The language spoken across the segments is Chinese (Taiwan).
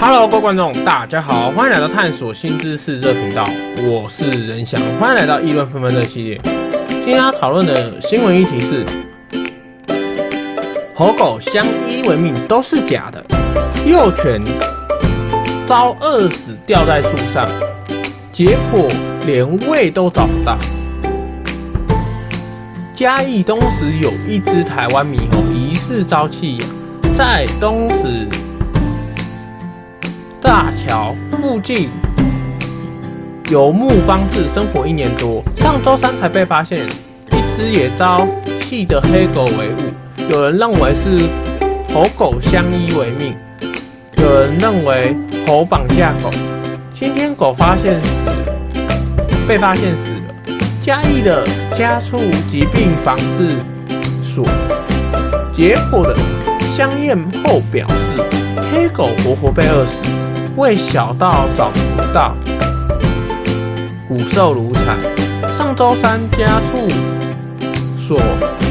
Hello，各位觀眾，大家好，歡迎來到探索新知識這頻道，我是仁翔，歡迎來到議論紛紛這系列。今天要討論的新聞議題是：猴狗相依為命都是假的，幼犬遭餓死掉在樹上，解剖連胃都找不到。嘉義東石有一隻台灣獼猴疑似遭棄養，在東石。大橋附近游牧方式生活一年多，上周三才被發現一只野遭棄的黑狗為伍。有人認為是猴狗相依為命，有人認為猴綁架狗。今天狗發現死，被發現死了。嘉義的家畜疾病防治所結果的相驗後表示。黑狗活活被餓死，胃小到找不到，骨瘦如柴。上周三，家畜所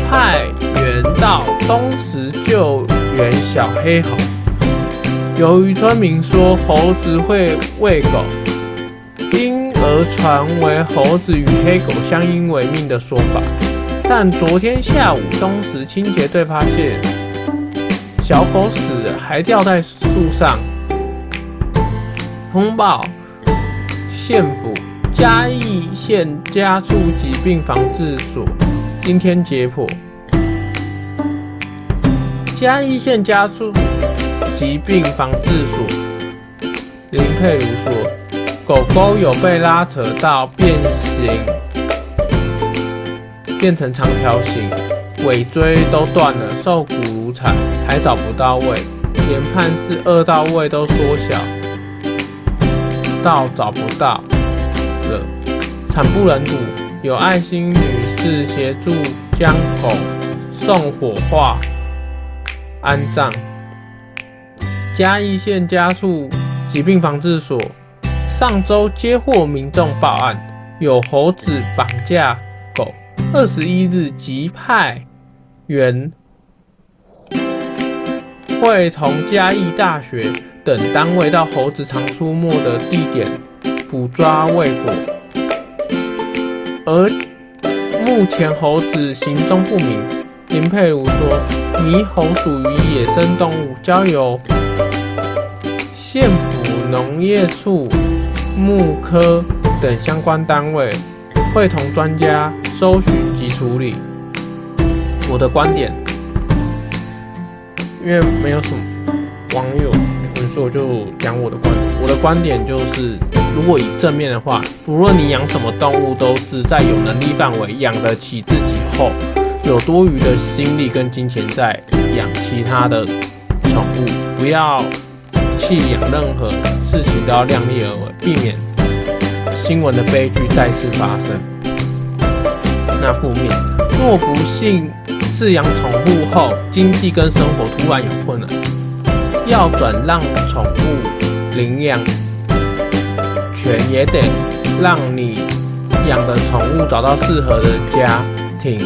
派員到東石救援小黑猴。由於村民說猴子會餵狗，因而傳為猴子與黑狗相依為命的說法。但昨天下午，東石清潔隊發現。小狗死了，還吊在樹上。通報：縣府嘉義縣家畜疾病防治署今天解剖。嘉義縣家畜疾病防治署林佩如說，狗狗有被拉扯到變形，變成長條形。尾椎都斷了，瘦骨如柴，還找不到胃。研判是餓到胃都縮小，到找不到了，慘不忍睹。有愛心女士協助將狗送火化、安葬。嘉義縣家畜疾病防治所上周接獲民眾報案，有猴子綁架狗，二十一日急派。原會同嘉義大學等單位到猴子常出沒的地點捕抓未果，而目前猴子行蹤不明。林佩如說，獼猴屬於野生動物，交由縣府農業處、牧科等相關單位會同專家搜尋及處理。我的觀點，因為沒有什麼網友，所以說我就講我的觀點。我的觀點就是，如果以正面的話，不論你養什麼動物，都是在有能力範圍養得起自己後，有多餘的心力跟金錢在養其他的寵物，不要棄養，任何事情都要量力而為，避免新聞的悲劇再次發生。那負面，若不幸。飼養寵物後，經濟跟生活突然有困難，要轉讓寵物領養權，也得讓你養的寵物找到適合的家庭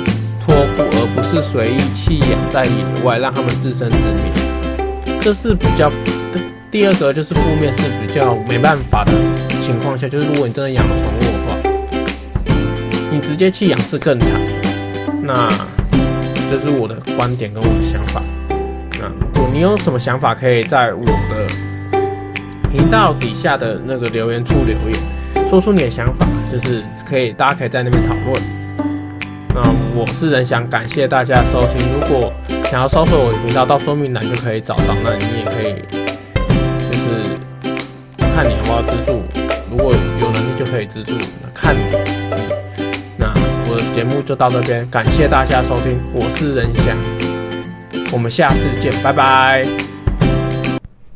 托付，而不是隨意棄養在野外，讓他們自生自滅。這是比較第二個，就是負面是比較沒辦法的情況下，就是如果你真的養了寵物的話，你直接棄養是更慘。那。這是我的觀點跟我的想法，那如果你有什麼想法，可以在我的頻道底下的那個留言處留言，說出你的想法，就是可以大家可以在那邊討論。那我是很想感謝大家收聽，如果想要搜索我的頻道，到說明欄就可以找到。那你也可以，就是看你要不要資助，如果有能力就可以資助，那看你。節目就到這邊，感謝大家收聽，我是仁翔，我們下次見，拜拜。